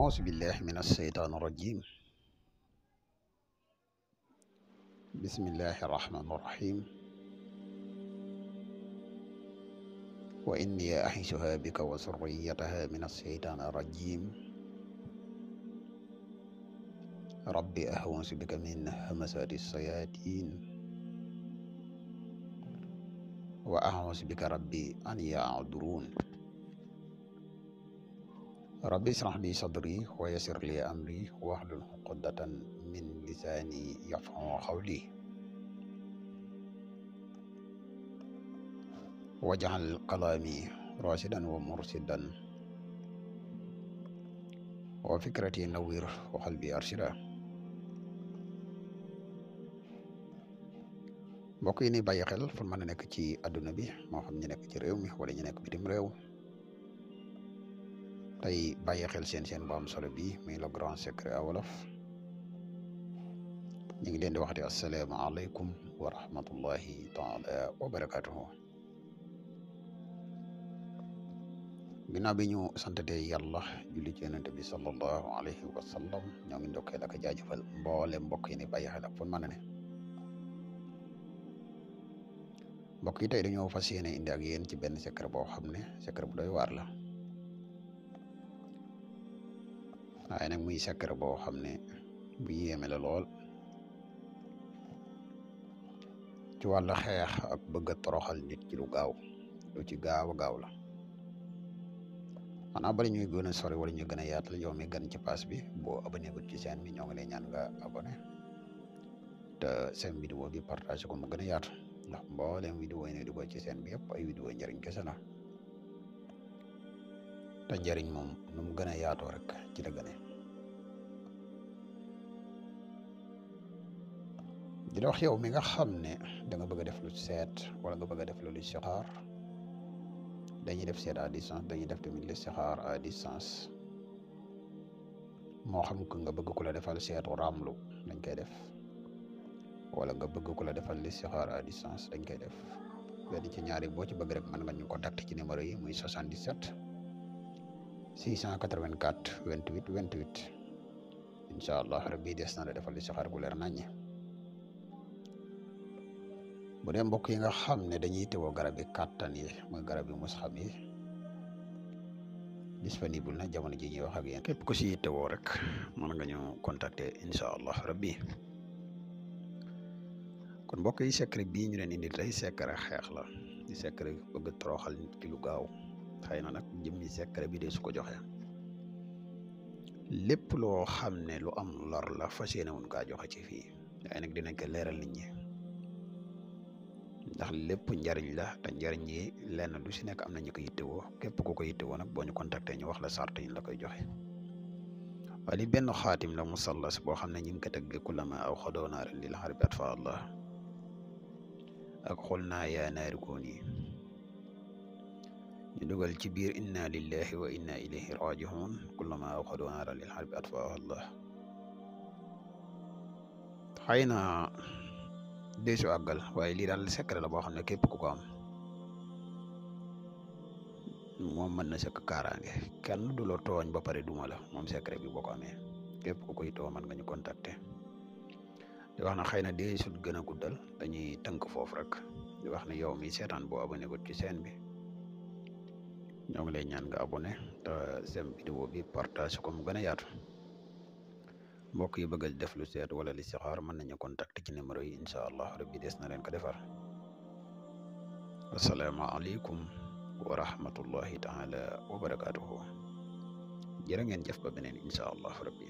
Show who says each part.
Speaker 1: أعوذ بالله من الشيطان الرجيم بسم الله الرحمن الرحيم وإني أحسها بك وسريتها من الشيطان الرجيم ربي أعوذ بك من همسات الشياطين وأعوذ بك ربي أن يعذرون Rabbi israh li sadri wa yassir li amri hlul uqdatan min lisani yafqahu qawli waj'al qalami rasidan wa mursidan wa fikrati nawwir wa qalbi arshida mbokk yi ni bàyyi xel fu mën a nekk ci àdduna bi moo xam ñu ci tey bàyyi xel seen seen bu am solo bi muy le grand secret à wolof ñu ngi leen di waxte asalaamaaleykum wa rahmatullahi taala wa barakatuhu ginnaaw bi ñu santatee yàlla julli ci yonent bi sallallahu alayhi wa ñoo ngi ndokkeel ak jaajëfal mboole mbokk yi ne bàyyi xel ak fon mën a ne mbokk yi tey dañoo fas yéene indi ak yéen ci benn secret boo xam ne secret bu doy waar la waaye ah, nak muy secret bo xamne bu yéme la lol ci wala xex ak bëgg toroxal nit ci lu gaaw lu ci gaaw gaaw la ana bari ñuy gëna sori wala ñu gëna a yaatal yow mi gën ci paas bi bo abonné wut ci chaîne bi ñoo ngi lay ñaan nga abonné te seen vidéo bi partager ko mu gëna yaatal yaatu ndax mboolem vidéo yi ne ko ci chaîne bi yëpp ay vidéo njëriñ ya, kese la te njariñ moom nu gën a yaatoo rek ci la gënee di la wax yow mi nga xam ne da nga bëgg def lu seet wala nga bëgg a def lu listixaar dañuy def seet à distance dañuy def tamit listixaar à distance moo xam ko nga bëgg ku la defal seetu ramlu dañ koy def wala nga bëgg ku la defal listixaar à distance dañ koy def benn ci ñaari boo ci bëgg rek mën nga ñu contacter ci numéro yi muy 77 684 28 28 inchallah heure bii na defal li xar gu leer naññ bu dee mbokk yi nga ne dañuy tewoo garab yi yi mus yi disponible na jamono ji ñuy wax ak rek allah rabbi kon mbokk yi secret bii ñu leen indil tey secret xeex la di secret bëgg lu gaaw xëy na nag jëmmi secret bi de su ko joxe lépp loo xam ne lu am lor la fas yéene mun kaa joxe ci fii nag dinañ ko leeral nit ndax lépp njariñ la te njariñ yi lenn lu si nekk am na ñu ko yittewoo képp ku ko yittewoo nag boo ñu contacté ñu wax la sart yi la koy joxe waaye li benn xaatim la musallas boo xam ne ñu ngi ko tëgg kulama aw xadoo naaran lil xarbi atfa allah ak xul naa yaa naari koon yi يدوغ الكبير إنا لله وإنا إليه راجعون كلما أخذوا نارا للحرب أطفأها الله حينا ديسو أقل وإلي دال سكر لباخ نكيب كوكام موم من نسك كاران كان دولو توان بباري دومالا موم سكر بي بوكامي كيب كوكو يتوى من غني كونتاكت دي وانا خينا ديسو دي غنى قدل داني تنك فوفرك دي وانا يومي سيطان بو أبني قد كسين بي ñoo ngi lay ñaan nga abonné te seen vidéo bi partage ko mu gën a yaatu mbokk yi bëgg def lu seet wala listixaar mën nañu contact ci numéro yi incha allah rabbi des na leen ko defar asalaamaaleykum wa rahmatullahi taala wa barakaatuhu jërë ngeen jëf ba beneen incha allah rabbi